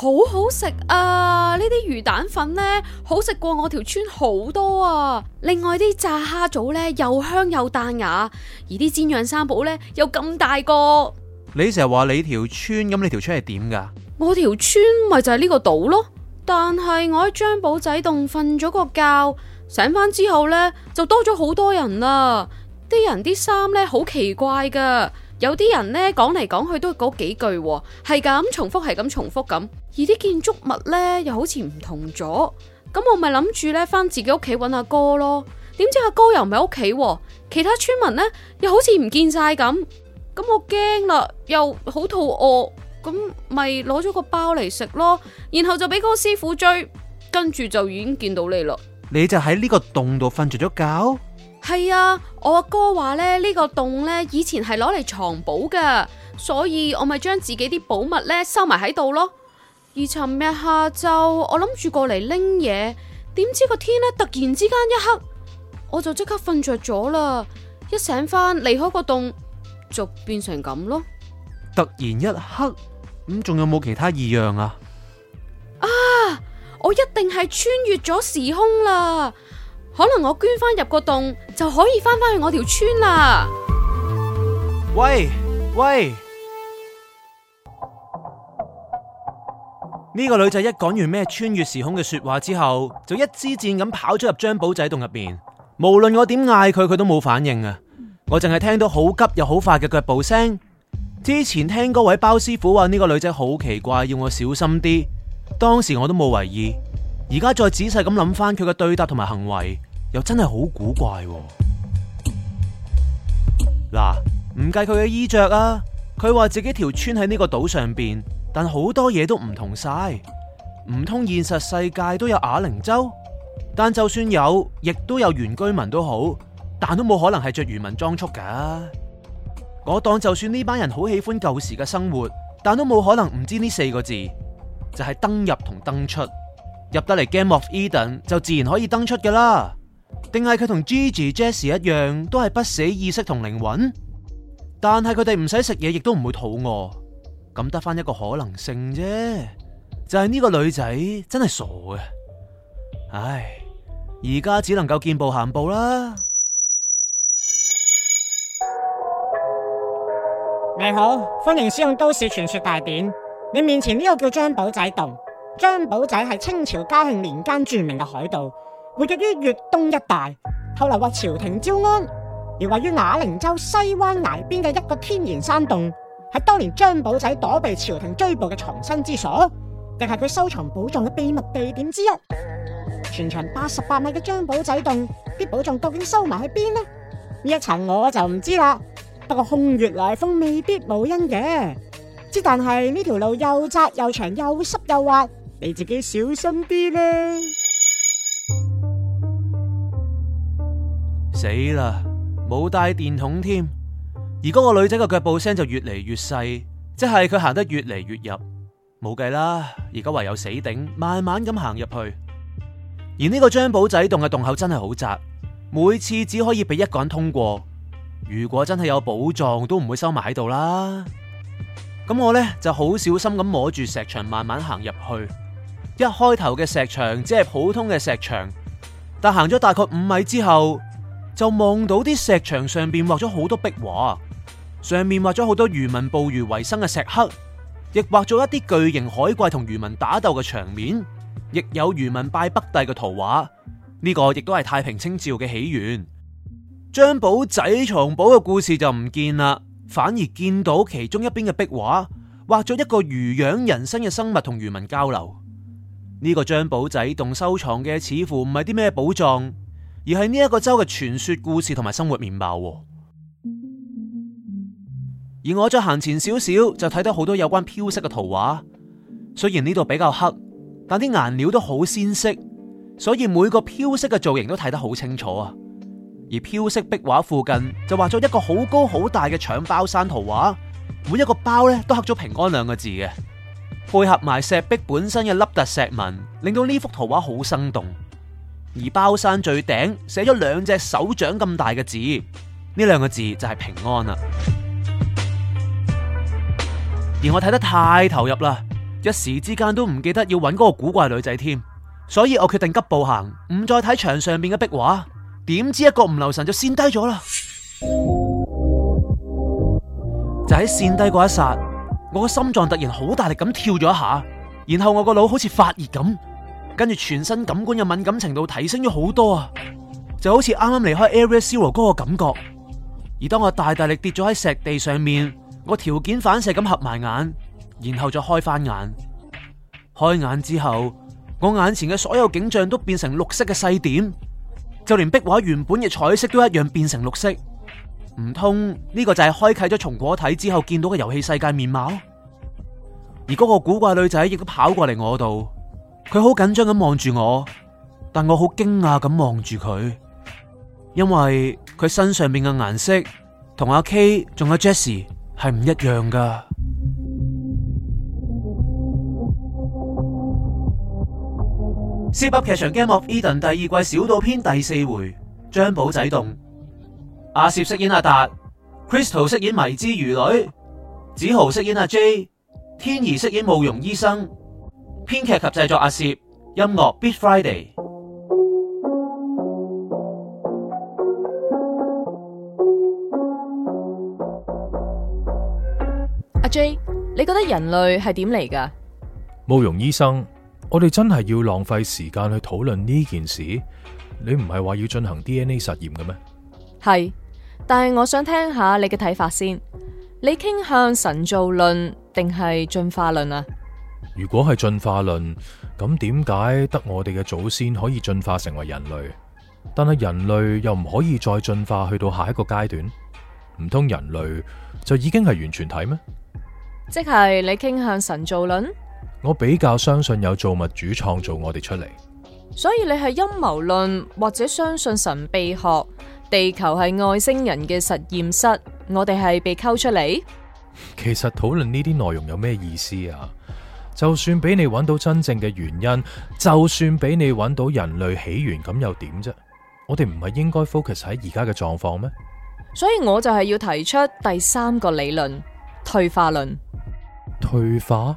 好好食啊！呢啲魚蛋粉呢，好食過我條村好多啊！另外啲炸蝦棗呢，又香又彈牙，而啲煎釀三寶呢，又咁大個。你成日話你條村，咁你條村係點噶？我條村咪就係呢個島咯，但係我喺張保仔洞瞓咗個覺，醒翻之後呢，就多咗好多人啦。啲人啲衫呢，好奇怪噶。有啲人咧講嚟，講去都係嗰幾句喎，係咁重複，係咁重複咁。而啲建築物咧又好似唔同咗，咁我咪諗住咧返自己屋企揾阿哥咯。點知阿哥、哥又唔喺屋企，其他村民咧又好似唔見晒咁，咁我驚啦，又好肚餓，咁咪攞咗個包嚟食咯。然後就俾嗰個師傅追，跟住就已經見到你啦。你就喺呢個洞度瞓著咗覺？係啊，我阿哥話咧呢個洞咧以前係攞嚟藏寶㗎，所以我咪將自己啲寶物咧收埋喺度咯。而尋日下晝，我諗住過嚟拎嘢，點知個天咧突然之間一黑，我就即刻瞓着咗啦。一醒返離開個洞，就變成咁咯。突然一黑，咁仲有冇其他異樣啊？啊，我一定係穿越咗時空啦！可能我捐翻入個洞就可以翻返去我條村啦！喂，喂，呢個女仔一講完咩穿越時空嘅說話之後，就一枝箭咁跑咗入張保仔洞入邊。無論我點嗌佢，佢都冇反應啊！我淨係聽到好急又好快嘅腳步聲。之前聽嗰位包師傅話呢個女仔好奇怪，要我小心啲。當時我都冇為意，而家再仔細咁諗翻佢嘅對答同埋行為。又真係好古怪。嗱，唔計佢嘅衣着啊。佢話、啊、自己條村喺呢個島上邊，但好多嘢都唔同晒。唔通現實世界都有啞鈴洲？但就算有，亦都有原居民都好，但都冇可能係着漁民裝束嘅。我當就算呢班人好喜歡舊時嘅生活，但都冇可能唔知呢四個字就係、是、登入同登出。入得嚟 Game of Eden，就自然可以登出噶啦。定係佢同 Gigi、Jesse 一樣，都係不死意識同靈魂，但係佢哋唔使食嘢，亦都唔會肚餓，咁得返一個可能性啫。就係、是、呢個女仔真係傻啊。唉，而家只能夠見步行步啦。你好，歡迎使用《都市傳說大典》，你面前呢個叫張保仔洞，張保仔係清朝嘉慶年間著名嘅海盜。活躍於粵東一帶，後來獲朝廷招安，而位於啞鈴洲西灣崖邊嘅一個天然山洞，係當年張保仔躲避朝廷追捕嘅藏身之所，定係佢收藏寶藏嘅秘密地點之一。全長八十八米嘅張保仔洞，啲寶藏究竟收埋喺邊呢？呢一層我就唔知啦。不過空穴來風，未必冇因嘅，只但係呢條路又窄又長又濕又滑，你自己小心啲啦。死啦！冇帶電筒添，而嗰個女仔嘅腳步聲就越嚟越細，即係佢行得越嚟越入，冇計啦！而家唯有死頂，慢慢咁行入去。而呢個張保仔洞嘅洞口真係好窄，每次只可以俾一個人通過。如果真係有寶藏，都唔會收埋喺度啦。咁我呢，就好小心咁摸住石牆，慢慢行入去。一開頭嘅石牆只係普通嘅石牆，但行咗大概五米之後，就望到啲石牆上面畫咗好多壁畫，上面畫咗好多漁民捕魚為生嘅石刻，亦畫咗一啲巨型海怪同漁民打鬥嘅場面，亦有漁民拜北帝嘅圖畫。呢、這個亦都係太平清醮嘅起源。張保仔藏寶嘅故事就唔見啦，反而見到其中一邊嘅壁畫，畫咗一個魚樣人身嘅生物同漁民交流。呢、這個張保仔洞收藏嘅似乎唔係啲咩寶藏。而係呢一個州嘅傳說故事同埋生活面貌。而我再行前少少，就睇到好多有關飄色嘅圖畫。雖然呢度比較黑，但啲顏料都好鮮色，所以每個飄色嘅造型都睇得好清楚啊！而飄色壁畫附近就畫咗一個好高好大嘅搶包山圖畫，每一個包呢都刻咗平安兩個字嘅，配合埋石壁本身嘅凹凸石紋，令到呢幅圖畫好生動。而包山最頂寫咗兩隻手掌咁大嘅字，呢兩個字就係平安啦。而我睇得太投入啦，一時之間都唔記得要揾嗰個古怪女仔添，所以我決定急步行，唔再睇牆上面嘅壁畫。點知一個唔留神就跣低咗啦！就喺跣低嗰一剎，我個心臟突然好大力咁跳咗一下，然後我個腦好似發熱咁。跟住全身感官嘅敏感程度提升咗好多啊！就好似啱啱離開 Area Zero 嗰個感覺。而當我大大力跌咗喺石地上面，我條件反射咁合埋眼，然後再開翻眼。開眼之後，我眼前嘅所有景象都變成綠色嘅細點，就連壁畫原本嘅彩色都一樣變成綠色。唔通呢個就係開啟咗松果體之後見到嘅遊戲世界面貌？而嗰個古怪女仔亦都跑過嚟我度。佢好緊張咁望住我，但我好驚訝咁望住佢，因為佢身上面嘅顏色同阿 K 仲有 Jesse 係唔一樣㗎。《Zip 噏劇場 Game of Eden》第二季小島篇第四回，張保仔洞，阿攝飾演阿達，Crystal 飾演迷之漁女，梓豪飾演阿 J，天頤飾演慕容醫生。編劇及製作阿攝，音樂 BEATFRIDAY。阿 J，你覺得人類係點嚟噶？慕容醫生，我哋真係要浪費時間去討論呢件事？你唔係話要進行 DNA 實驗嘅咩？係，但係我想聽下你嘅睇法先。你傾向神造論定係進化論啊？如果係進化論，咁點解得我哋嘅祖先可以進化成為人類？但係人類又唔可以再進化去到下一個階段？唔通人類就已經係完全體咩？即係你傾向神造論？我比較相信有造物主創造我哋出嚟。所以你係陰謀論，或者相信神秘學，地球係外星人嘅實驗室，我哋係被溝出嚟？其實討論呢啲內容有咩意思啊？就算俾你揾到真正嘅原因，就算俾你揾到人類起源，咁又點啫？我哋唔係應該 focus 喺而家嘅狀況咩？所以我就係要提出第三個理論——退化論。退化，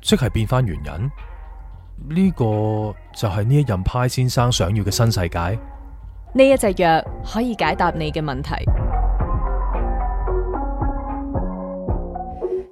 即係變翻猿人，呢、這個就係呢一任派先生想要嘅新世界。呢一隻藥可以解答你嘅問題。